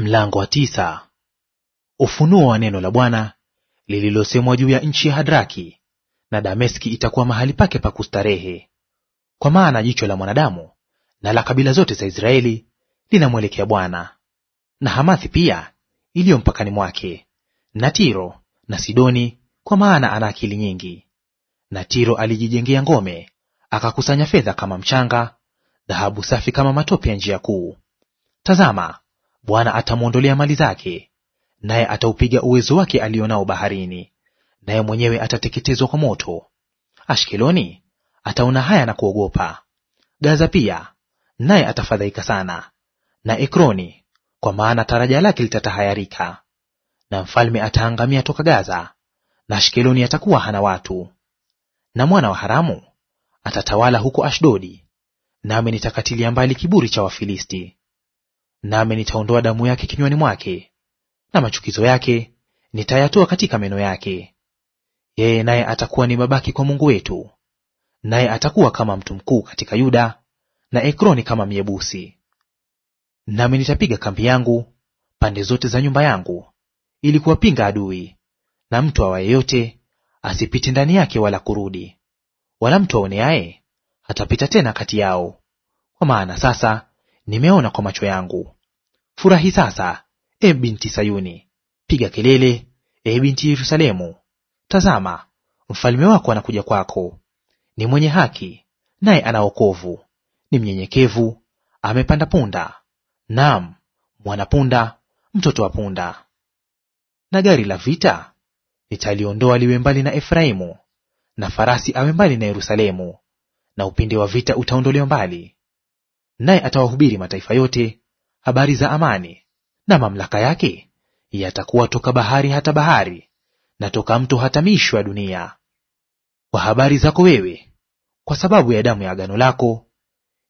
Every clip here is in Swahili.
Mlango wa tisa. Ufunuo wa neno la Bwana lililosemwa juu ya nchi ya Hadraki na Dameski itakuwa mahali pake pa kustarehe. Kwa maana jicho la mwanadamu na la kabila zote za Israeli linamwelekea Bwana. Na Hamathi pia iliyo mpakani mwake, na Tiro na Sidoni, kwa maana ana akili nyingi. Na Tiro alijijengea ngome, akakusanya fedha kama mchanga, dhahabu safi kama matope ya njia kuu. Tazama, Bwana atamwondolea mali zake, naye ataupiga uwezo wake alionao baharini, naye mwenyewe atateketezwa kwa moto. Ashkeloni ataona haya na kuogopa, Gaza pia naye atafadhaika sana, na Ekroni, kwa maana taraja lake litatahayarika. Na mfalme ataangamia toka Gaza, na Ashkeloni atakuwa hana watu. Na mwana wa haramu atatawala huko Ashdodi, nami nitakatilia mbali kiburi cha Wafilisti nami nitaondoa damu yake kinywani mwake, na machukizo yake nitayatoa katika meno yake. Yeye naye atakuwa ni mabaki kwa Mungu wetu, naye atakuwa kama mtu mkuu katika Yuda, na Ekroni kama Myebusi. Nami nitapiga kambi yangu pande zote za nyumba yangu, ili kuwapinga adui, na mtu awaye yote asipite ndani yake wala kurudi, wala mtu aoneaye hatapita tena kati yao, kwa maana sasa nimeona kwa macho yangu. Furahi sasa, e binti Sayuni, piga kelele, e binti Yerusalemu. Tazama, mfalme wako anakuja kwako, ni mwenye haki, naye ana wokovu, ni mnyenyekevu, amepanda punda, naam punda mtoto wa punda. Na gari la vita nitaliondoa liwe mbali na Efraimu, na farasi awe mbali na Yerusalemu, na upinde wa vita utaondolewa mbali. Naye atawahubiri mataifa yote habari za amani, na mamlaka yake yatakuwa toka bahari hata bahari, na toka mto hata misho ya dunia. Kwa habari zako wewe, kwa sababu ya damu ya agano lako,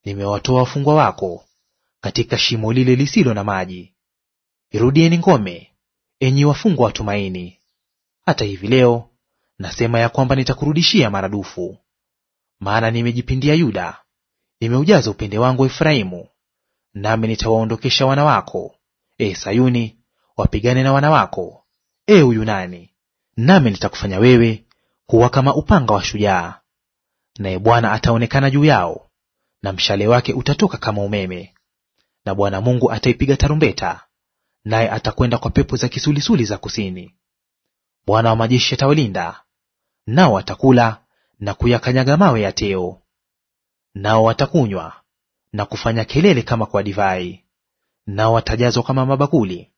nimewatoa wafungwa wako katika shimo lile lisilo na maji. Irudieni ngome, enyi wafungwa wa tumaini. Hata hivi leo nasema ya kwamba nitakurudishia maradufu. Maana nimejipindia Yuda, nimeujaza upende wangu Efraimu, Nami nitawaondokesha wana wako, e Sayuni, wapigane na wana wako, e Uyunani, nami nitakufanya wewe kuwa kama upanga wa shujaa. Naye Bwana ataonekana juu yao, na mshale wake utatoka kama umeme, na Bwana Mungu ataipiga tarumbeta, naye atakwenda kwa pepo za kisulisuli za kusini. Bwana wa majeshi atawalinda, nao watakula na kuyakanyaga mawe ya teo, nao watakunywa na kufanya kelele kama kwa divai, nao watajazwa kama mabakuli,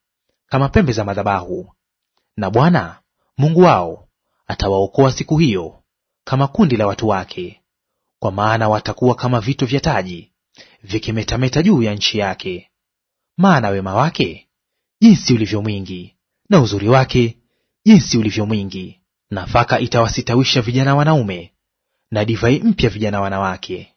kama pembe za madhabahu. Na Bwana Mungu wao atawaokoa siku hiyo kama kundi la watu wake, kwa maana watakuwa kama vito vya taji vikimetameta juu ya nchi yake. Maana wema wake jinsi ulivyo mwingi, na uzuri wake jinsi ulivyo mwingi! Nafaka itawasitawisha vijana wanaume, na divai mpya vijana wanawake.